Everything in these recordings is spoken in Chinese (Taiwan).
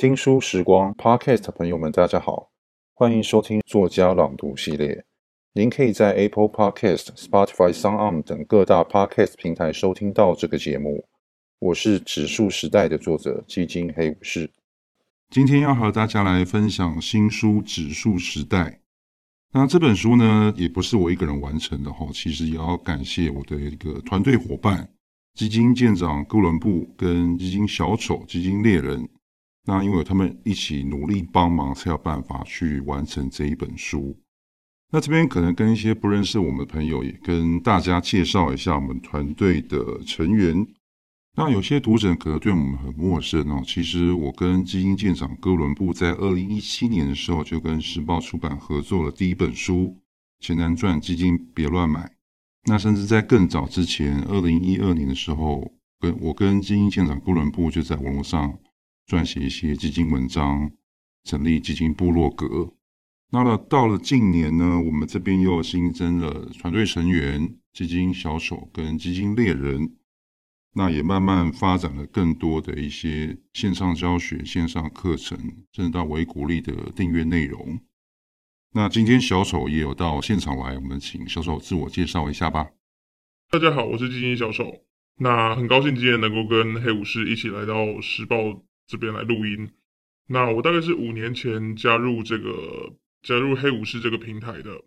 新書時光 Podcast，朋友們，大家好，歡迎收聽作家朗讀系列。您可以在 Apple Podcast、Spotify、SoundOn 等各大 Podcast 平台收聽到這個節目。我是指數時代的作者基金黑武士，今天要和大家來分享新書《指數時代》。那這本書呢，也不是我一個人完成的哈，其實也要感謝我的一個團隊夥伴基金艦長哥倫布跟基金小丑、基金獵人。那因為他們一起努力幫忙，才有辦法去完成這一本書。那這邊可能跟一些不認識我們的朋友也跟大家介紹一下我們團隊的成員。那有些讀者可能對我們很陌生哦。其實我跟基金艦長哥倫布在二零一七年的時候就跟時報出版合作了第一本書《錢難賺，基金別亂買》。那甚至在更早之前，二零一二年的時候，跟我跟基金艦長哥倫布就在網絡上。撰寫一些基金文章，成立基金部落格。那了到了近年呢，我們這邊又新增了團隊成員，基金小丑跟基金獵人。那也慢慢發展了更多的一些線上教學、線上課程，甚至到微股利的訂閱內容。那今天小丑也有到現場來，我們請小丑自我介紹一下吧。大家好，我是基金小丑。那很高興今天能夠跟黑武士一起來到時報這邊來錄音。那我大概是五年前加入這個加入黑武士這個平台的。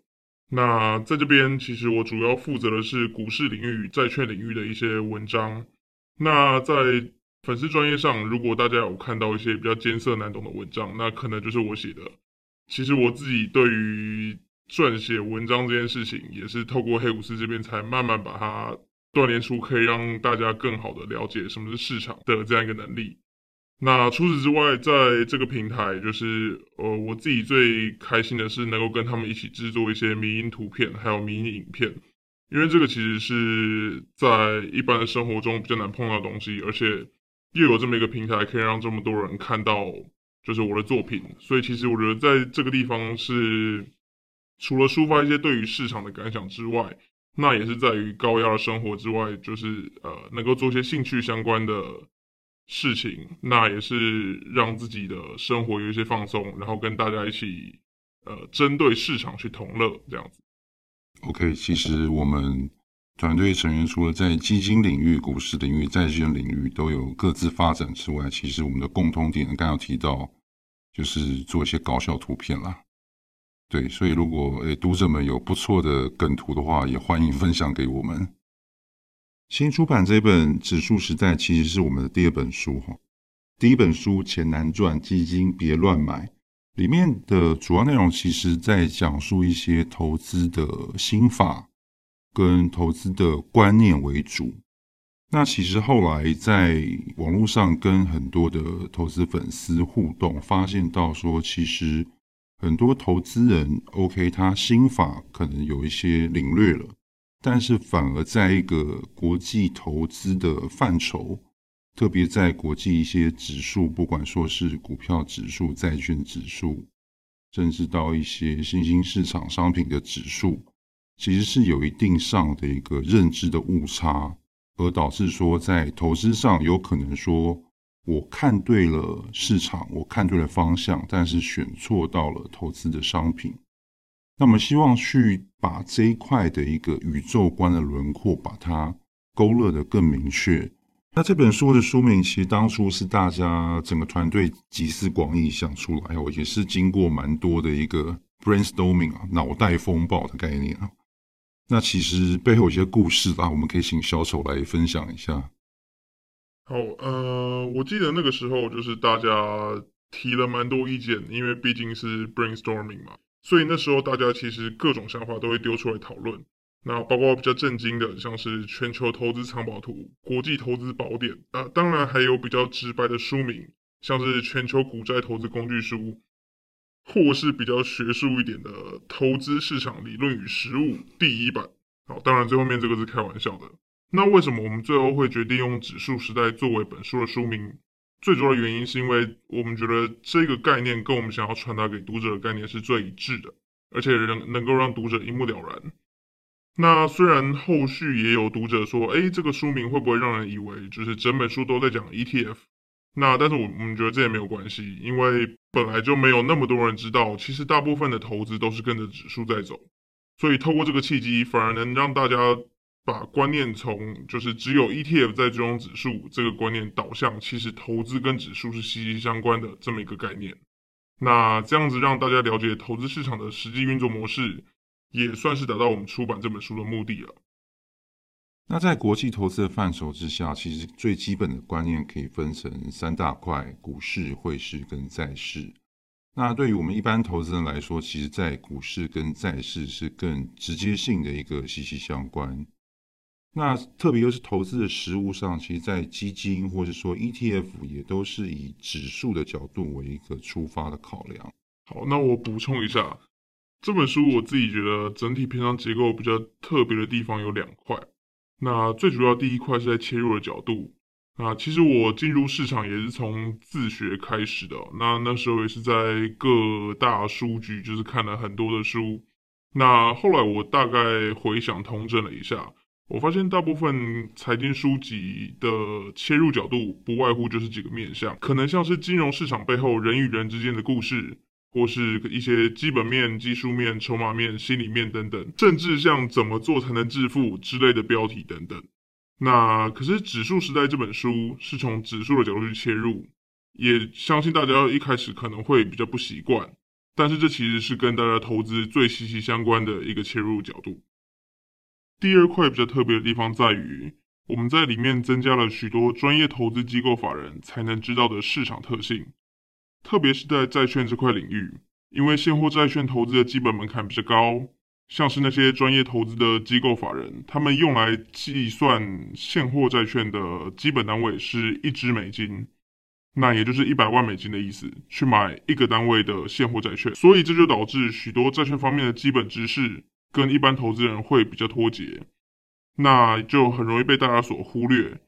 那在這邊，其實我主要負責的是股市領域、債券領域的一些文章。那在粉絲專頁上，如果大家有看到一些比較艱澀難懂的文章，那可能就是我寫的。其實我自己對於撰寫文章這件事情，也是透過黑武士這邊，才慢慢把它鍛鍊出可以讓大家更好的了解什麼是市場的這樣一個能力。那除此之外，在這個平台，就是呃，我自己最開心的是能夠跟他們一起製作一些迷因圖片，還有迷因影片，因為這個其實是在一般的生活中比較難碰到的東西，而且又有這麼一個平台，可以讓這麼多人看到，就是我的作品。所以其實我覺得在這個地方是除了抒發一些對於市場的感想之外，那也是在於高壓的生活之外，就是呃，能夠做些興趣相關的事情，那也是讓自己的生活有一些放鬆，然後跟大家一起，呃，針對市場去同樂這樣子。OK，其實我們團隊成員除了在基金領域、股市領域、債券領域都有各自發展之外，其實我們的共通點，剛剛提到就是做一些搞笑圖片啦。對，所以如果誒、欸、讀者們有不錯的梗圖的話，也歡迎分享給我們。新出版這本《指數時代》其實是我們的第二本書哈。第一本書《錢難賺，基金別亂買》裡面的主要內容，其實在講述一些投資的心法跟投資的觀念為主。那其實後來在網絡上跟很多的投資粉絲互動，發現到說，其實很多投資人，OK，他心法可能有一些領略了。但是，反而在一個國際投資的範疇，特別在國際一些指數，不管說是股票指數、債券指數，甚至到一些新興市場商品的指數，其實是有一定上的一個認知的誤差，而導致說在投資上有可能說我看對了市場，我看對了方向，但是選錯到了投資的商品。那我們希望去把這一塊的一個宇宙觀的輪廓，把它勾勒得更明確。那這本書的書名，其實當初是大家整個團隊集思廣益想出來，哦，也是經過蠻多的一個 brainstorming 啊，腦袋風暴的概念啊。那其實背後有些故事啊，我們可以請小丑來分享一下。好，呃，我記得那個時候就是大家提了蠻多意見，因為畢竟是 brainstorming 嘛。所以那時候大家其實各種想法都會丟出來討論，那包括比較震驚的，像是《全球投資藏寶圖》《國際投資寶典》啊，當然還有比較直白的書名，像是《全球股債投資工具書》，或是比較學術一點的《投資市場理論與實務》第一版。好，當然最後面這個是開玩笑的。那為什麼我們最後會決定用《指數時代》作為本書的書名？最主要的原因是因為我們覺得這個概念跟我們想要傳達給讀者的概念是最一致的，而且能能夠讓讀者一目了然。那雖然後續也有讀者說，誒，這個書名會不會讓人以為就是整本書都在講 ETF？那但是我我們覺得這也沒有關係，因為本來就沒有那麼多人知道，其實大部分的投資都是跟着指數在走，所以透過這個契機，反而能讓大家。把觀念從就是只有 ETF 在追蹤指數這個觀念導向，其實投資跟指數是息息相關的這麼一個概念。那這樣子讓大家了解投資市場的實際運作模式，也算是達到我們出版這本書的目的了。那在國際投資的範疇之下，其實最基本的觀念可以分成三大塊：股市、匯市跟債市。那對於我們一般投資人來說，其實在股市跟債市是更直接性的一個息息相關。那特別又是投資的實務上，其實，在基金或是說 ETF 也都是以指數的角度為一個出發的考量。好，那我補充一下，這本書我自己覺得整體篇章結構比較特別的地方有兩塊。那最主要第一塊是在切入的角度。那其實我進入市場也是從自學開始的。那那時候也是在各大書局，就是看了很多的書。那後來我大概回想統整了一下。我發現大部分財經書籍的切入角度不外乎就是幾個面向，可能像是金融市場背後人與人之間的故事，或是一些基本面、技術面、籌碼面、心理面等等，甚至像怎麼做才能致富之類的標題等等。那，可是《指數時代》這本書是從指數的角度去切入，也相信大家一開始可能會比較不習慣，但是這其實是跟大家投資最息息相關的一個切入角度。第二塊比較特別的地方在於，我們在裡面增加了許多專業投資機構法人才能知道的市場特性，特別是在債券這塊領域，因為現貨債券投資的基本門檻比較高，像是那些專業投資的機構法人，他們用來計算現貨債券的基本單位是一支美金，那也就是一百萬美金的意思，去買一個單位的現貨債券，所以這就導致許多債券方面的基本知識。跟一般投資人會比較脫節，那就很容易被大家所忽略，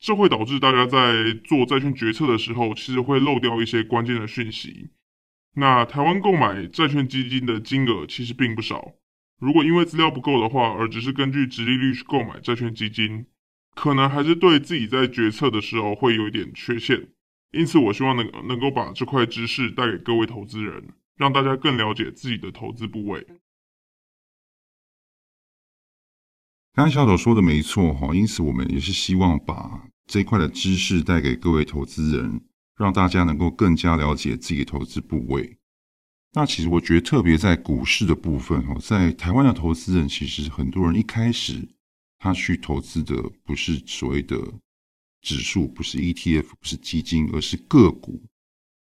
這會導致大家在做債券決策的時候，其實會漏掉一些關鍵的訊息。那台灣購買債券基金的金額其實並不少，如果因為資料不夠的話，而只是根據殖利率去購買債券基金，可能還是對自己在決策的時候會有一點缺陷。因此，我希望能能夠把這塊知識帶給各位投資人，讓大家更了解自己的投資部位。剛才小丑說的沒錯哈，因此我們也是希望把這塊的知識帶給各位投資人，讓大家能夠更加了解自己的投資部位。那其實我覺得特別在股市的部分哦，在台灣的投資人其實很多人一開始他去投資的不是所謂的指數，不是 ETF，不是基金，而是個股。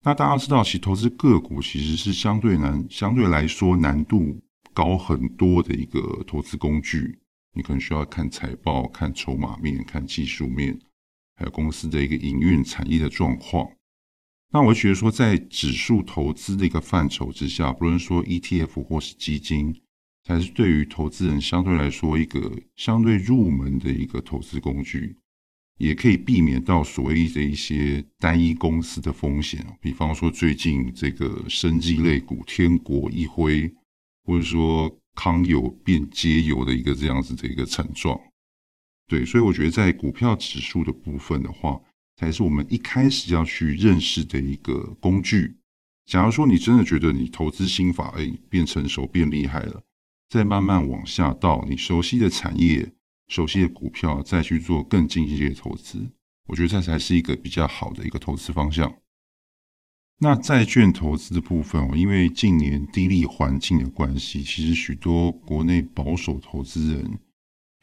那大家知道，其實投資個股其實是相對難，相對來說難度高很多的一個投資工具。你可能需要看財報、看籌碼面、看技術面，還有公司的一個營運產業的狀況。那我覺得說，在指數投資的一個範疇之下，不論說 ETF 或是基金，還是對於投資人相對來說一個相對入門的一個投資工具，也可以避免到所謂的一些單一公司的風險。比方說，最近這個生技類股、天國一輝，或者說。康有變皆油的一個這樣子的一個慘狀，對，所以我覺得在股票指數的部分的話，才是我們一開始要去認識的一個工具。假如說你真的覺得你投資心法，哎，變成熟，變厲害了，再慢慢往下到你熟悉的產業、熟悉的股票，再去做更進階的投資，我覺得這才是一個比較好的一個投資方向。那債券投資的部分哦，因為近年低利環境的關係，其實許多國內保守投資人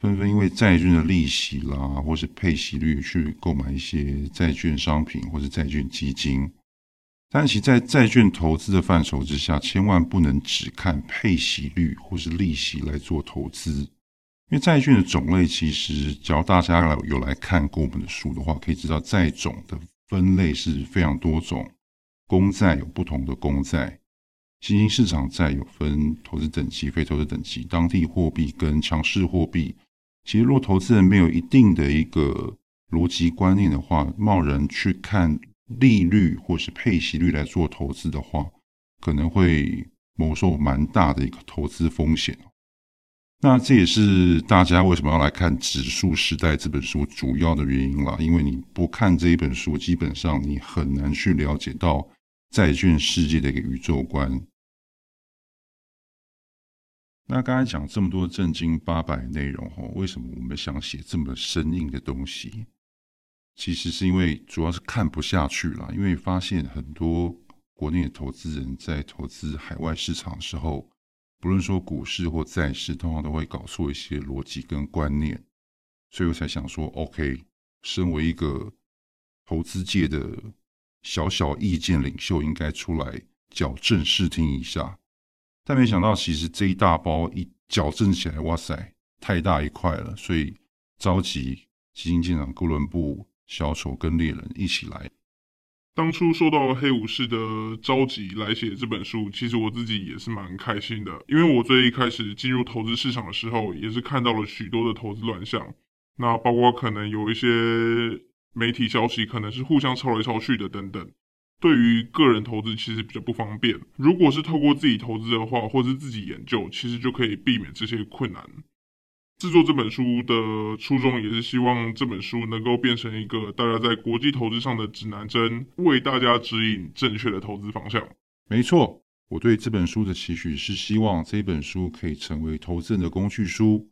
紛紛因為債券的利息啦，或是配息率去購買一些債券商品或是債券基金。但其實在債券投資的範疇之下，千萬不能只看配息率或是利息來做投資，因為債券的種類其實，只要大家有來看過我們的書的話，可以知道債種的分類是非常多種。公債有不同的公債，新興市場債有分投資等級、非投資等級、當地貨幣跟強勢貨幣。其實，若投資人沒有一定的一個邏輯觀念的話，貿然去看利率或是配息率來做投資的話，可能會蒙受蠻大的一個投資風險。那這也是大家為什麼要來看《指數時代》這本書主要的原因了，因為你不看這一本書，基本上你很難去了解到債券世界的一個宇宙觀。那剛才講這麼多正經八百內容哦，為什麼我們想寫這麼生硬的東西？其實是因為主要是看不下去了，因為發現很多國內的投資人在投資海外市場的時候。不論說股市或債市，通常都會搞錯一些邏輯跟觀念，所以我才想說，OK，身為一個投資界的小小意見領袖，應該出來矯正視聽一下。但沒想到，其實這一大包一矯正起來，哇塞，太大一塊了，所以召集基金經理人哥倫布、小丑跟獵人一起來。當初受到黑武士的召集來寫這本書，其實我自己也是蠻開心的，因為我最一開始進入投資市場的時候，也是看到了許多的投資亂象，那包括可能有一些媒體消息，可能是互相抄來抄去的等等，對於個人投資其實比較不方便。如果是透過自己投資的話，或是自己研究，其實就可以避免這些困難。製作這本書的初衷也是希望這本書能夠變成一個大家在國際投資上的指南針，為大家指引正確的投資方向。沒錯，我對這本書的期許是希望這本書可以成為投資人的工具書，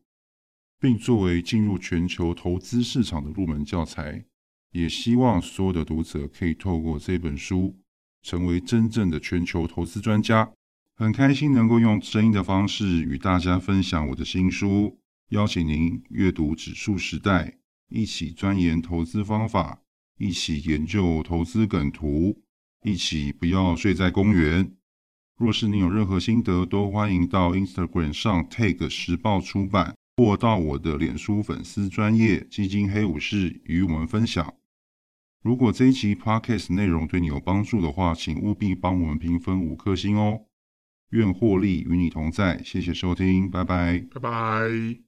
並作為進入全球投資市場的入門教材。也希望所有的讀者可以透過這本書成為真正的全球投資專家。很開心能夠用聲音的方式與大家分享我的新書。邀請您閱讀《指數時代》，一起鑽研投資方法，一起研究投資梗圖，一起不要睡在公園。若是你有任何心得，都歡迎到 Instagram 上 Tag 時報出版，或到我的臉書粉絲專頁基金黑武士與我們分享。如果這一集 Podcast 內容對你有幫助的話，請務必幫我們評分五顆星哦。願獲利與你同在，謝謝收聽，拜拜，拜拜。